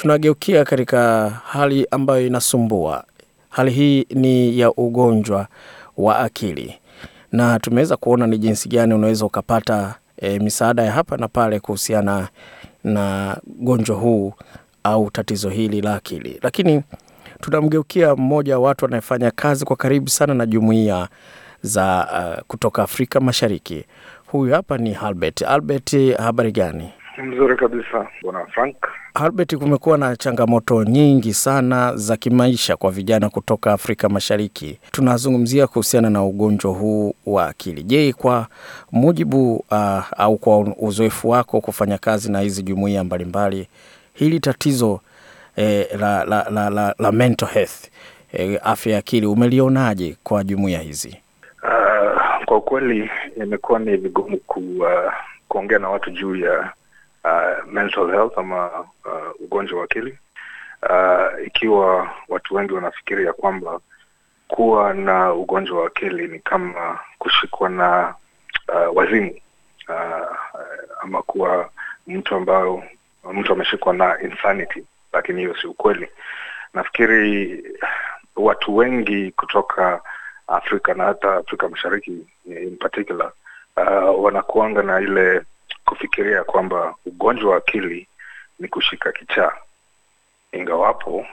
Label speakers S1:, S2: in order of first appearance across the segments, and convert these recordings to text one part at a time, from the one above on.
S1: Tunageukia katika hali ambayo inasumbua. Hali hii ni ya ugonjwa wa akili, na tumeweza kuona ni jinsi gani unaweza ukapata e, misaada ya hapa na pale kuhusiana na gonjwa huu au tatizo hili la akili. Lakini tunamgeukia mmoja wa watu anayefanya kazi kwa karibu sana na jumuiya za uh, kutoka Afrika Mashariki. Huyu hapa ni Albert. Albert, habari gani?
S2: Mzuri kabisa bwana Frank.
S1: Albert, kumekuwa na changamoto nyingi sana za kimaisha kwa vijana kutoka Afrika Mashariki. Tunazungumzia kuhusiana na ugonjwa huu wa akili. Je, kwa mujibu uh, au kwa uzoefu wako kufanya kazi na hizi jumuiya mbalimbali, hili tatizo eh, la, la, la, la, la mental health eh, afya ya akili umelionaje kwa jumuiya hizi?
S2: Uh, kwa kweli imekuwa ni vigumu ku, uh, kuongea na watu juu ya uh, mental health ama uh, ugonjwa wa akili uh, ikiwa watu wengi wanafikiri ya kwamba kuwa na ugonjwa wa akili ni kama kushikwa na uh, wazimu uh, ama kuwa mtu ambayo mtu ameshikwa na insanity lakini hiyo si ukweli nafikiri watu wengi kutoka afrika na hata afrika mashariki in particular uh, wanakuanga na ile kufikiria kwamba ugonjwa wa akili ni kushika kichaa, ingawapo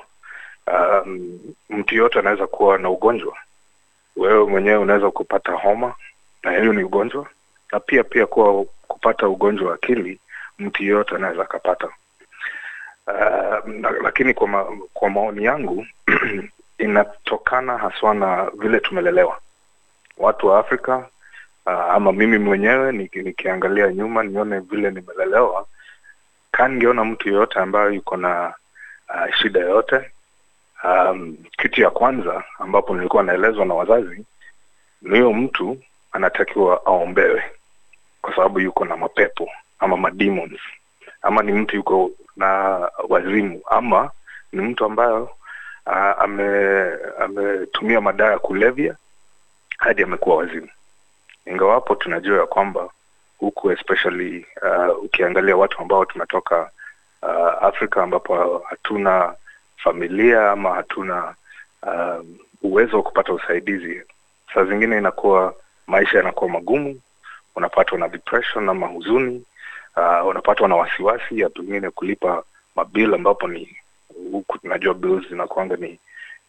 S2: um, mtu yoyote anaweza kuwa na ugonjwa. Wewe mwenyewe unaweza kupata homa na hiyo ni ugonjwa, na pia pia kuwa kupata ugonjwa wa akili mtu yoyote anaweza akapata. Uh, na, lakini kwa, ma, kwa maoni yangu inatokana haswa na vile tumelelewa. Watu wa Afrika uh, ama mimi mwenyewe nikiangalia nyuma nione vile nimelelewa ka ningeona mtu yoyote ambayo yuko na uh, shida yoyote um, kitu ya kwanza ambapo nilikuwa naelezwa na wazazi ni huyo mtu anatakiwa aombewe kwa sababu yuko na mapepo ama mademons ama ni mtu yuko na wazimu ama ni mtu ambayo ametumia ah, ame ametumia madawa ya kulevya hadi amekuwa wazimu ingawapo tunajua ya kwamba huku especially uh, ukiangalia watu ambao tunatoka uh, afrika ambapo hatuna familia ama hatuna uh, uwezo wa kupata usaidizi saa zingine inakuwa maisha yanakuwa magumu unapatwa na depression ama huzuni uh, unapatwa na wasiwasi ya pengine kulipa mabil ambapo ni huku tunajua bills zinakuanga ni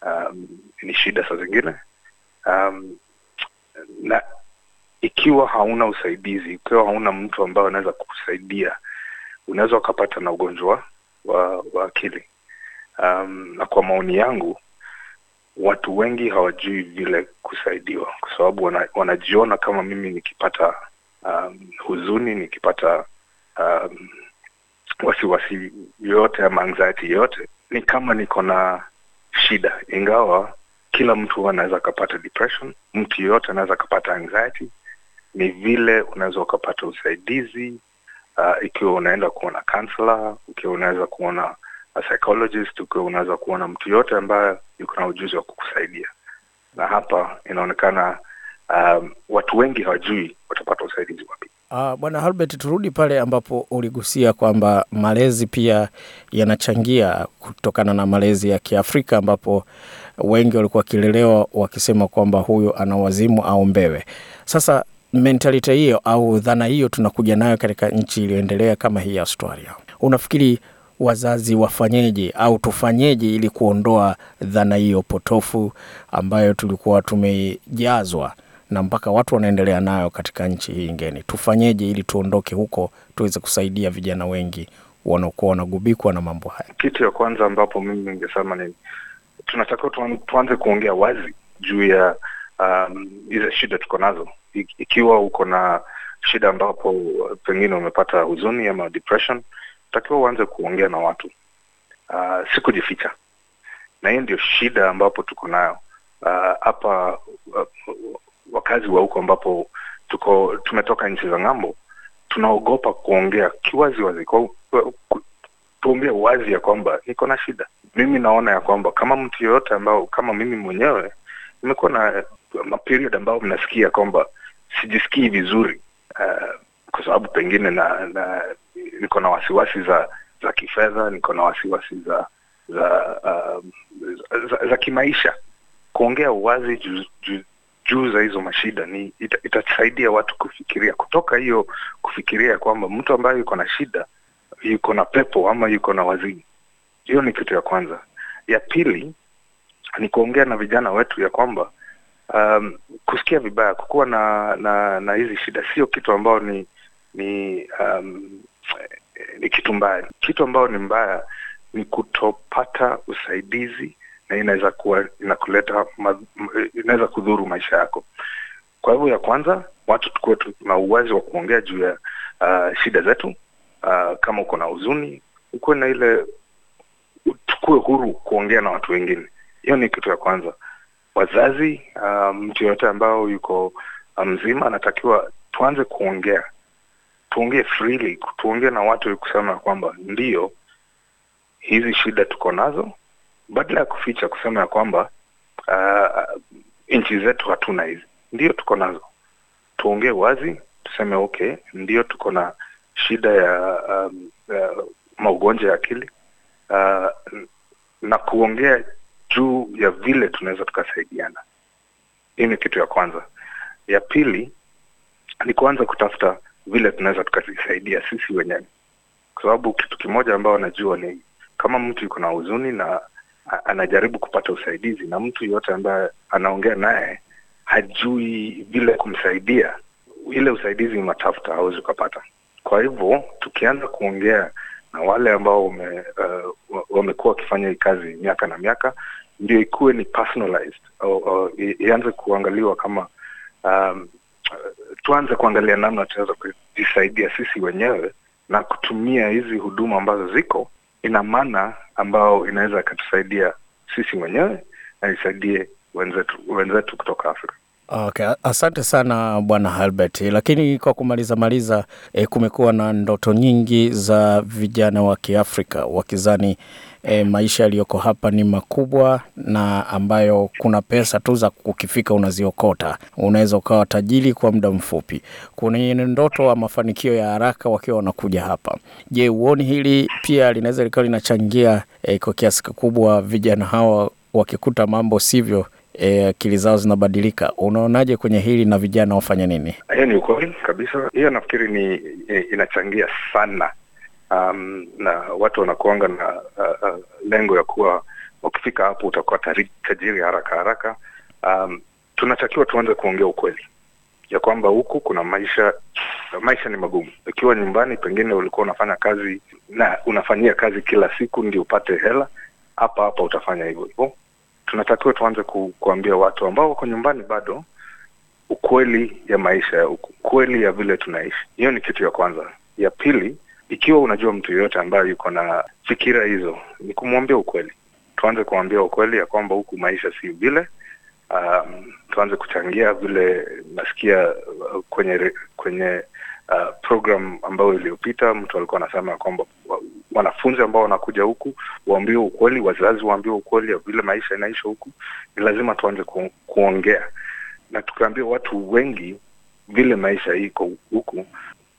S2: um, ni shida saa zingine um, na ikiwa hauna usaidizi, ikiwa hauna mtu ambaye anaweza kukusaidia, unaweza ukapata na ugonjwa wa, wa akili. Um, na kwa maoni yangu watu wengi hawajui vile kusaidiwa, kwa sababu wana, wanajiona kama mimi nikipata um, huzuni nikipata um, wasiwasi yoyote ama anxiety yoyote ni kama niko na shida, ingawa kila mtu anaweza akapata depression, mtu yeyote anaweza akapata anxiety, ni vile unaweza ukapata usaidizi uh, ikiwa unaenda kuona counselor, ukiwa unaweza kuona a psychologist, ukiwa unaweza kuona mtu yote ambaye yuko na ujuzi wa kukusaidia. Na hapa inaonekana um, watu wengi hawajui watapata usaidizi wapi.
S1: Uh, Bwana Albert, turudi pale ambapo uligusia kwamba malezi pia yanachangia kutokana na malezi ya Kiafrika ambapo wengi walikuwa wakilelewa wakisema kwamba huyu ana wazimu au mbewe. Sasa mentality hiyo au dhana hiyo tunakuja nayo katika nchi iliyoendelea kama hii Australia. Unafikiri wazazi wafanyeje au tufanyeje ili kuondoa dhana hiyo potofu ambayo tulikuwa tumejazwa na mpaka watu wanaendelea nayo katika nchi hii ngeni? Tufanyeje ili tuondoke huko tuweze kusaidia vijana wengi wanaokuwa wanagubikwa na mambo haya?
S2: Kitu ya kwanza ambapo mimi ningesema ni tunatakiwa tuanze kuongea wazi juu ya um, shida tuko nazo ikiwa uko na shida ambapo pengine umepata huzuni ama depression, takiwa uanze kuongea na watu uh, ah, si kujificha, na hiyo ndio shida ambapo tuko nayo ah, hapa uh, uh, wakazi wa huko ambapo tuko tumetoka nchi za ng'ambo, tunaogopa kuongea kiwaziwazi, tuongee wazi ya kwamba niko na shida. Mimi naona ya kwamba kama mtu yoyote ambao kama mimi mwenyewe imekuwa na maperiod ambayo mnasikia kwamba sijisikii vizuri uh, kwa sababu pengine na, na niko na wasiwasi za za kifedha niko na wasiwasi za za, uh, um, za, za za kimaisha kuongea uwazi juu ju, juu za hizo mashida ni ita, itasaidia watu kufikiria kutoka hiyo kufikiria kwamba mtu ambaye yuko na shida yuko na pepo ama yuko na wazini hiyo ni kitu ya kwanza ya pili ni kuongea na vijana wetu ya kwamba um, kusikia vibaya, kukuwa na na na hizi shida sio kitu ambao ni ni um, ni kitu mbaya. Kitu ambao ni mbaya ni kutopata usaidizi na inaweza kuwa inakuleta inaweza kudhuru maisha yako. Kwa hivyo, ya kwanza watu tukuwe tuna uwazi wa kuongea juu ya uh, shida zetu. Uh, kama uko na huzuni, ukuwe na ile, tukuwe huru kuongea na watu wengine. Hiyo ni kitu ya kwanza wazazi, ah, mtu um, yoyote ambao yuko ah, mzima anatakiwa tuanze kuongea, tuongee freely, tuongee na watu kusema kwamba ndio hizi shida tuko nazo, badala ya kuficha kusema ya kwamba uh, nchi zetu hatuna hizi. ndio tuko nazo, tuongee wazi, tuseme okay, ndio tuko na shida ya um, uh, maugonjwa ya akili uh, na kuongea juu ya vile tunaweza tukasaidiana. Hii ni kitu ya kwanza. Ya pili ni kuanza kutafuta vile tunaweza tukajisaidia sisi wenyewe, kwa sababu kitu kimoja ambao anajua ni kama mtu yuko na huzuni na anajaribu kupata usaidizi, na mtu yoyote ambaye anaongea naye hajui vile kumsaidia, ile usaidizi unatafuta hawezi ukapata. Kwa hivyo tukianza kuongea na wale ambao wame, uh, wamekuwa wakifanya hii kazi miaka na miaka ndio ikuwe ni personalized ianze kuangaliwa kama um, tuanze kuangalia namna tunaweza kujisaidia sisi wenyewe na kutumia hizi huduma ambazo ziko ina maana ambayo inaweza ikatusaidia sisi wenyewe na isaidie wenzetu, wenzetu kutoka Afrika.
S1: Okay, asante sana Bwana Albert. Lakini kwa kumaliza maliza, e, kumekuwa na ndoto nyingi za vijana wa Kiafrika wakizani e, maisha yaliyoko hapa ni makubwa na ambayo kuna pesa tu za kukifika unaziokota, unaweza ukawa tajiri kwa muda mfupi. Kuna ndoto wa mafanikio ya haraka wakiwa wanakuja hapa. Je, uoni hili pia linaweza likawa linachangia e, kwa kiasi kikubwa vijana hawa wakikuta mambo sivyo e, akili zao zinabadilika. Unaonaje kwenye hili na vijana wafanye nini?
S2: Hiyo ni ukweli kabisa, hiyo nafikiri ni e, inachangia sana um, na watu wanakuanga na uh, uh, lengo ya kuwa ukifika hapo utakuwa tajiri haraka haraka. Um, tunatakiwa tuanze kuongea ukweli ya kwamba huku kuna maisha maisha ni magumu. ikiwa nyumbani, pengine ulikuwa unafanya kazi na unafanyia kazi kila siku ndio upate hela, hapa hapa utafanya hivyo hivyo tunatakiwa tuanze ku, kuambia watu ambao wako nyumbani bado ukweli ya maisha, ukweli ya vile tunaishi. Hiyo ni kitu ya kwanza. Ya pili, ikiwa unajua mtu yeyote ambaye yuko na fikira hizo, ni kumwambia ukweli. Tuanze kuambia ukweli ya kwamba huku maisha si vile. Um, tuanze kuchangia vile nasikia uh, kwenye kwenye uh, program ambayo iliyopita mtu alikuwa anasema ya kwamba wanafunzi ambao wanakuja huku waambiwe ukweli, wazazi waambiwe ukweli ya vile maisha inaisha huku. Ni lazima tuanze ku, kuongea na tukaambia watu wengi vile maisha iko huku,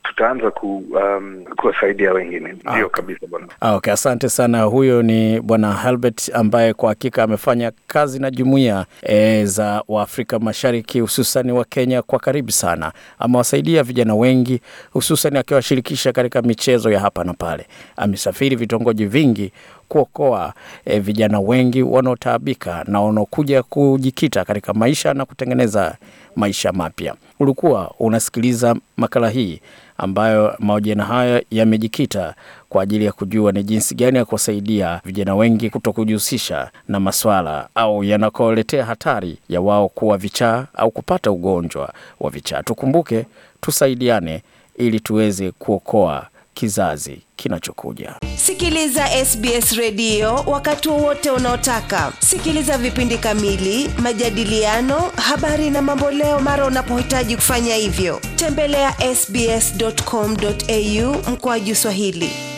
S2: tutaanza ku, um, kuwasaidia wengine ah, ndio okay. Kabisa bwana.
S1: Ah, okay, asante sana. Huyo ni bwana Halbert ambaye kwa hakika amefanya kazi na jumuia e, za Waafrika Mashariki hususani wa Kenya kwa karibu sana, amewasaidia vijana wengi hususan akiwashirikisha katika michezo ya hapa na pale. Amesafiri vitongoji vingi kuokoa e, vijana wengi wanaotaabika na wanaokuja kujikita katika maisha na kutengeneza maisha mapya. Ulikuwa unasikiliza makala hii ambayo mahojiano haya yamejikita kwa ajili ya kujua ni jinsi gani ya kuwasaidia vijana wengi kuto kujihusisha na maswala au yanakoletea hatari ya wao kuwa vichaa au kupata ugonjwa wa vichaa. Tukumbuke tusaidiane ili tuweze kuokoa kizazi kinachokuja. Sikiliza SBS redio wakati wowote unaotaka. Sikiliza vipindi kamili, majadiliano, habari na mamboleo mara unapohitaji kufanya hivyo. Tembelea sbs.com.au mkoaji Swahili.